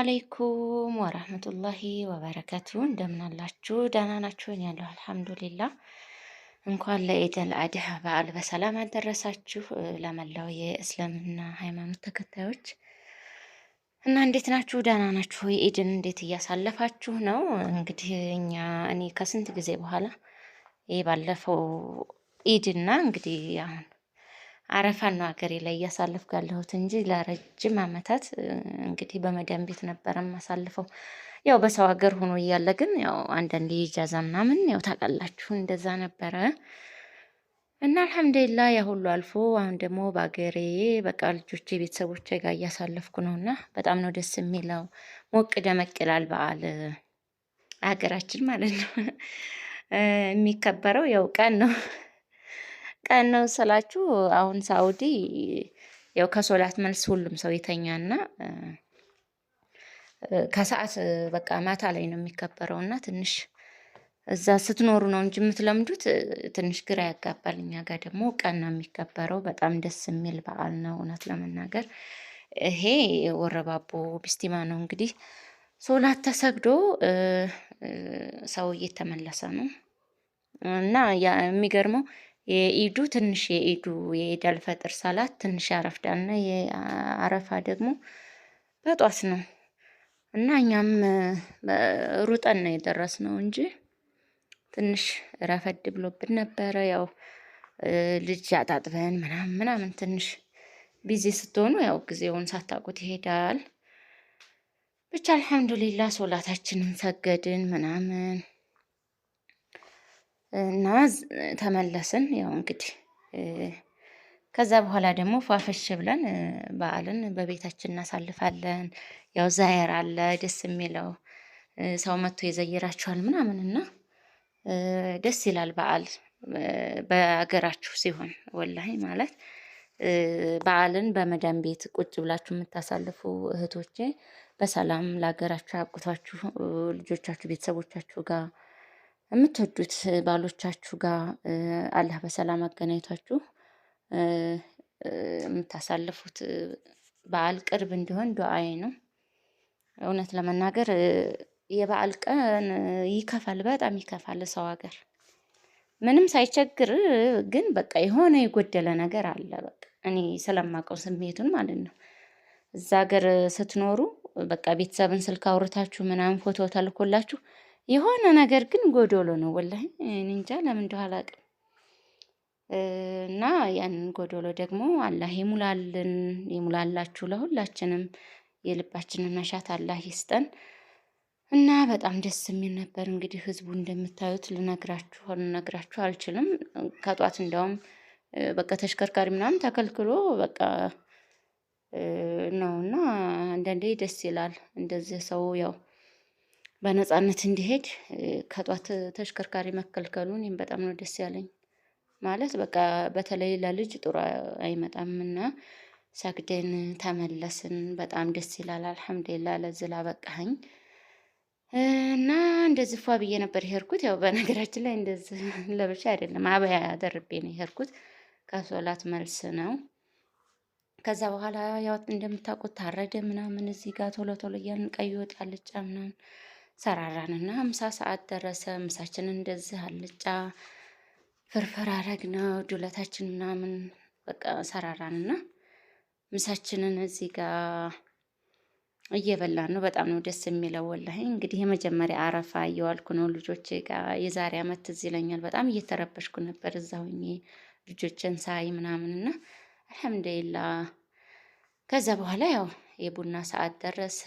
አለይኩም ወራህመቱላሂ ወበረከቱ። እንደምን አላችሁ? ደህና ናችሁ? እኔ ያለሁ አልሐምዱሊላ። እንኳን ለኢደል አድሃ በዓል በሰላም አደረሳችሁ ለመላው የእስልምና ሃይማኖት ተከታዮች እና እንዴት ናችሁ? ደህና ናችሁ? የኢድን እንዴት እያሳለፋችሁ ነው? እንግዲህ እኛ እኔ ከስንት ጊዜ በኋላ ይህ ባለፈው ኢድና እንግዲህ አሁን አረፋን ነው ሀገሬ ላይ እያሳለፍኩ ያለሁት እንጂ ለረጅም ዓመታት እንግዲህ በመዳን ቤት ነበረ ማሳልፈው። ያው በሰው ሀገር ሆኖ እያለ ግን ያው አንዳንድ ኢጃዛ ምናምን ያው ታውቃላችሁ እንደዛ ነበረ እና አልሐምዱሊላ ያ ሁሉ አልፎ አሁን ደግሞ በሀገሬ በቃ ልጆቼ ቤተሰቦቼ ጋር እያሳለፍኩ ነው እና በጣም ነው ደስ የሚለው። ሞቅ ደመቅ ይላል በዓል ሀገራችን ማለት ነው። የሚከበረው ያው ቀን ነው ቀን ነው ስላችሁ አሁን ሳውዲ ያው ከሶላት መልስ ሁሉም ሰው የተኛና ከሰዓት በቃ ማታ ላይ ነው የሚከበረው እና ትንሽ እዛ ስትኖሩ ነው እንጂ የምትለምዱት ትንሽ ግራ ያጋባል። እኛ ጋር ደግሞ ቀን ነው የሚከበረው። በጣም ደስ የሚል በዓል ነው እውነት ለመናገር ይሄ ወረባቦ ቢስቲማ ነው እንግዲህ ሶላት ተሰግዶ ሰው እየተመለሰ ነው እና የሚገርመው የኢዱ ትንሽ የኢዱ የኢዳል ፈጥር ሰላት ትንሽ አረፍዳና የአረፋ ደግሞ በጧት ነው እና እኛም ሩጠን ነው የደረስነው እንጂ ትንሽ ረፈድ ብሎብን ነበረ። ያው ልጅ አጣጥበን ምናምን ምናምን ትንሽ ቢዚ ስትሆኑ ያው ጊዜውን ሳታውቁት ይሄዳል። ብቻ አልሐምዱሊላ ሶላታችንን ሰገድን ምናምን እና ተመለስን። ያው እንግዲህ ከዛ በኋላ ደግሞ ፏፈሽ ብለን በዓልን በቤታችን እናሳልፋለን። ያው ዛየር አለ ደስ የሚለው ሰው መጥቶ ይዘይራችኋል ምናምን እና ደስ ይላል በዓል በአገራችሁ ሲሆን ወላሂ ማለት በዓልን በመዳን ቤት ቁጭ ብላችሁ የምታሳልፉ እህቶቼ በሰላም ለሀገራችሁ አብቅቷችሁ ልጆቻችሁ ቤተሰቦቻችሁ ጋር የምትወዱት ባሎቻችሁ ጋር አላህ በሰላም አገናኝቷችሁ የምታሳልፉት በዓል ቅርብ እንዲሆን ዱዓዬ ነው። እውነት ለመናገር የበዓል ቀን ይከፋል፣ በጣም ይከፋል። ሰው ሀገር ምንም ሳይቸግር ግን በቃ የሆነ የጎደለ ነገር አለ። በቃ እኔ ስለማውቀው ስሜቱን ማለት ነው። እዛ ሀገር ስትኖሩ በቃ ቤተሰብን ስልክ አውርታችሁ ምናምን ፎቶ ተልኮላችሁ የሆነ ነገር ግን ጎዶሎ ነው። ወላሂ እንጃ ለምን እንደው አላውቅም። እና ያንን ጎዶሎ ደግሞ አላህ ይሙላልን፣ ይሙላላችሁ ለሁላችንም የልባችንን መሻት አላህ ይስጠን። እና በጣም ደስ የሚል ነበር። እንግዲህ ህዝቡ እንደምታዩት ልነግራችሁ ልነግራችሁ አልችልም። ከጧት እንደውም በቃ ተሽከርካሪ ምናምን ተከልክሎ በቃ ነው እና አንዳንዴ ደስ ይላል እንደዚህ ሰው ያው በነፃነት እንዲሄድ ከጧት ተሽከርካሪ መከልከሉን እኔም በጣም ነው ደስ ያለኝ። ማለት በቃ በተለይ ለልጅ ጥሩ አይመጣም አይመጣምና ሰግደን ተመለስን። በጣም ደስ ይላል። አልሐምዱሊላህ ለዚህ ላበቃኸኝ እና እንደዚህ ፏ ብዬ ነበር የሄድኩት። ያው በነገራችን ላይ እንደዚህ ለብቻ አይደለም አበያ ደርቤ ነው የሄድኩት። ከሶላት መልስ ነው። ከዛ በኋላ ያው እንደምታውቁት ታረደ ምናምን እዚህ ጋር ቶሎ ቶሎ እያልን ቀይ ወጥ አልጫ ምናምን ሰራራንና ምሳ ሰዓት ደረሰ። ምሳችንን እንደዚህ አልጫ ፍርፍር አረግነው ዱለታችን ምናምን በቃ ሰራራንና ምሳችንን እዚህ ጋር እየበላን ነው። በጣም ነው ደስ የሚለው ወላሂ። እንግዲህ የመጀመሪያ አረፋ እየዋልኩ ነው ልጆቼ ጋር። የዛሬ አመት ትዝ ይለኛል በጣም እየተረበሽኩ ነበር እዛ ሆኜ ልጆችን ሳይ ምናምንና አልሐምዱሊላ። ከዛ በኋላ ያው የቡና ሰዓት ደረሰ።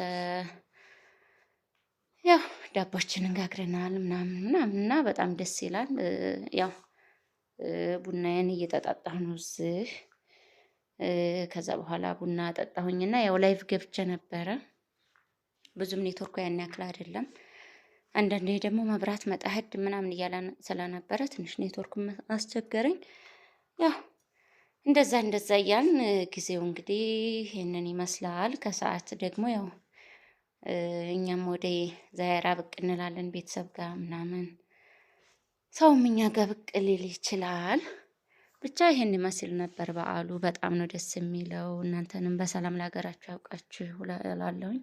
ያው ዳቦችንን ጋግረናል ምናምን ምናምን እና በጣም ደስ ይላል። ያው ቡናዬን እየተጣጣሁ ነው እዚህ። ከዛ በኋላ ቡና ጠጣሁኝና ያው ላይቭ ገብቼ ነበረ። ብዙም ኔትወርኩ ያን ያክል አይደለም። አንዳንዴ ደግሞ መብራት መጣህድ ምናምን እያለ ስለነበረ ትንሽ ኔትወርኩ አስቸገረኝ። ያው እንደዛ እንደዛ እያልን ጊዜው እንግዲህ ይህንን ይመስላል። ከሰዓት ደግሞ ያው እኛም ወደ ዛያራ ብቅ እንላለን ቤተሰብ ጋር ምናምን ሰውም እኛ ጋር ብቅ ሊል ይችላል። ብቻ ይሄን ይመስል ነበር በዓሉ። በጣም ነው ደስ የሚለው። እናንተንም በሰላም ለሀገራችሁ ያውቃችሁ እላለሁኝ።